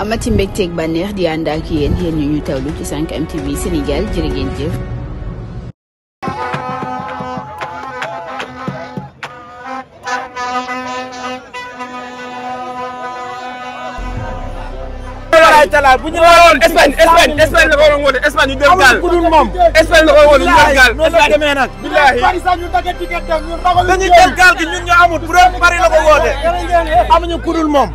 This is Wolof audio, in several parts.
amati mbégteeg bànneex di ànd ak yéen yéen ñu ñu tawlu ci 5M TV Sénégal jërë ngeen jëf. talaal bu ñu waroon Espagne Espagne Espagne la ko waroon wone gaal amul ku ñu dem gaal Espagne demee nag billaahi Paris sax ñu dagg moom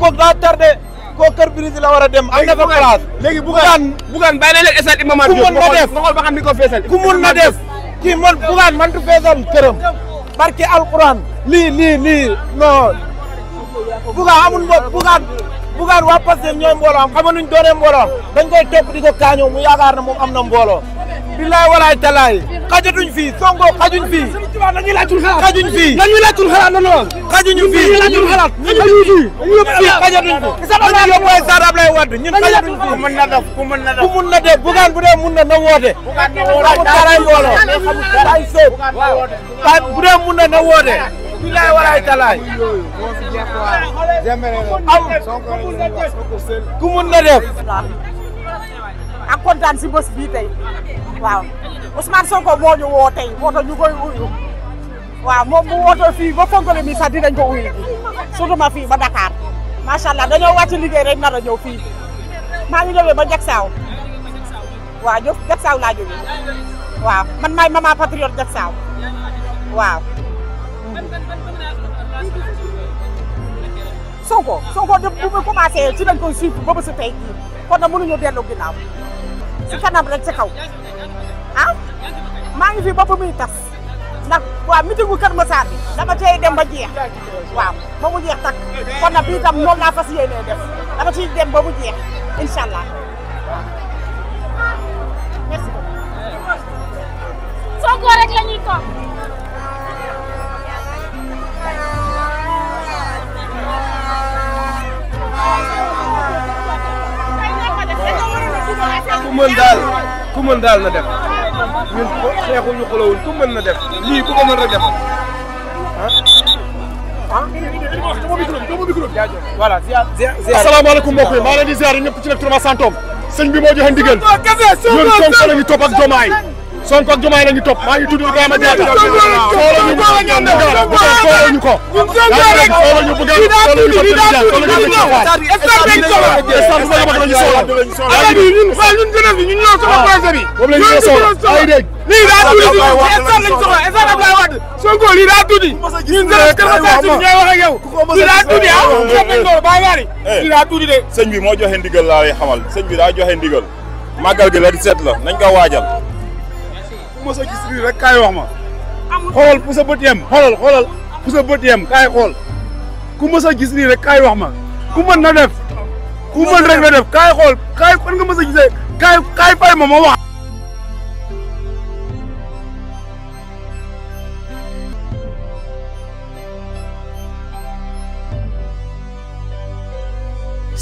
kooku daa tardé koo kër brise la war a dem. am na fa place léegi bugaan bugaan bàyyi na leen stade Iba Mar Diop ku ma na def ba xam ni ko feesal. ku mën na def kii man bugaan man du feesal këram. barke alquran lii lii lii non bugaan amul mbo bugaan bugaan waa Pastef ñooy mbooloo am xamanuñ doone mbooloo am dañ koy topp di ko kaañoo mu yaakaar na moom am na mbooloo. billaay walaay talaay xajatuñ fii songo xajuñ fii dañuy laajul xalaat xajuñ fii dañuy laajul xalaat na fii dañuy laajul xalaat xajuñ fii fii xajatuñ fi dañu yóbbu ay Saar Ablaye Wade ñun fii ku mën na def bugaan bu dee na na woote xamul daraay mbooloo talaay ku mën na def ak kontaan si bés bii tey Sonko moo ñu woo tey waaw moom bu wootoo fii ba Fongole mi sax dinañ ko uyu bi surtout fii ba Dakar macha dañoo wàcc liggéey rek nar a ñëw fii maa ngi ñëwee ba Jaksaaw waaw jë Jaksaaw laa jógee waaw man maay maman patriote Jaksaaw waaw. Sonko Sonko de bu mu ci lañ koy suivre ba ba sa tey jii kon nag mënuñu si kanam rek ci kaw ah maa ngi fi bopp muy tas ndax waaw meeting bu Kër Massar bi dama cey dem ba jeex waaw ba mu jeex takk kon nag bii tam moom laa fas yéenee def dama ciy dem ba mu jeex incha ku mën daal ku mën daal na def ñun xeexu ñu xulawul ku mën na def lii bu ko mën rek def ah. ah? voilà ziar ziar. asalaamaaleykum mbokk yi maa leen di ziar ñëpp ci nag turam santoom sëñ bi moo joxe ndigal ñun Sonko la ñu topp ak Diomaye Sonko ak Diomaye la ñu topp maa ngi tudd Ibrahima Diatta xooloo ñu xooloo ñu ko. xooloo ñu bëgg a xooloo ñu ko tënk jaay xooloo ñu bëgg a waay. instant bi ma la ñu soolal. ala bi ñun waaw ñun jeunesse bi ñun ñoo soxla projet bi. boobu la ñu koy soxla ay dégg. lii daa tuuti instant lañ soxla instant Abdoulaye Wade Sonko lii daa tuuti. ñun jeunesse kër Masar ñooy wax ak yow. lii daa tuuti ah xam nañ ko bàyyi waari. lii daa tuuti de. sëñ bi moo joxe ndigal laa lay xamal sëñ bi daa joxe ndigal màggal gi la di seet la nañ ko waajal mos a gis nii rek kaay wax ma xoolal fu bët yem xoolal xoolal fu bët yem kaay xool ku mos a gis nii rek kaay wax ma ku mën na def ku mën rek na def kaay xool kaay fan nga mos a gisee kaay fay ma ma wax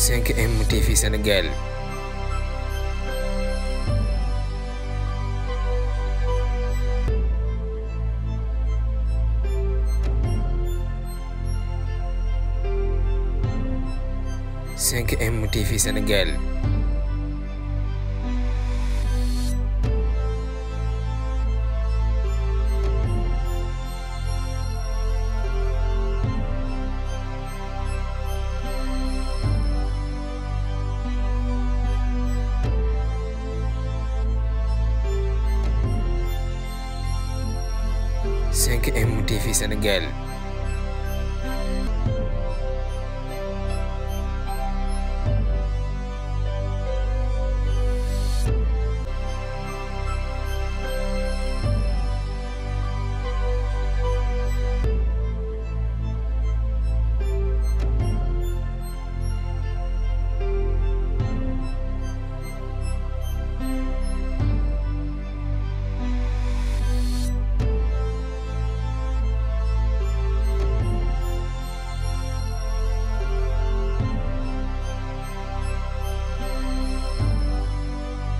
cinq MTV 5M TV Sénégal cinq M TV Sénégal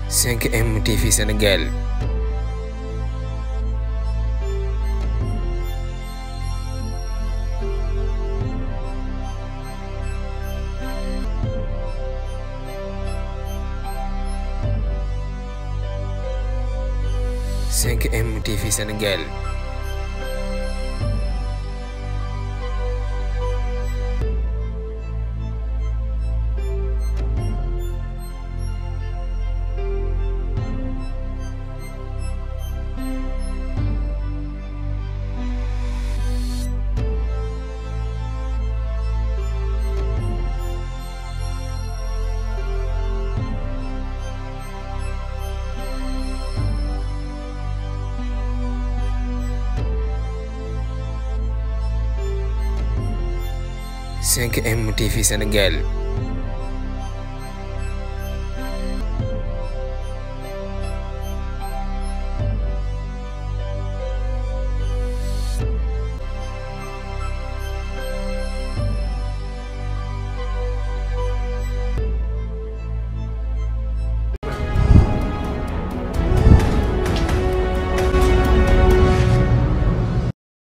5M TV Sénégal cinq M TV Sénégal 5M TV Sénégal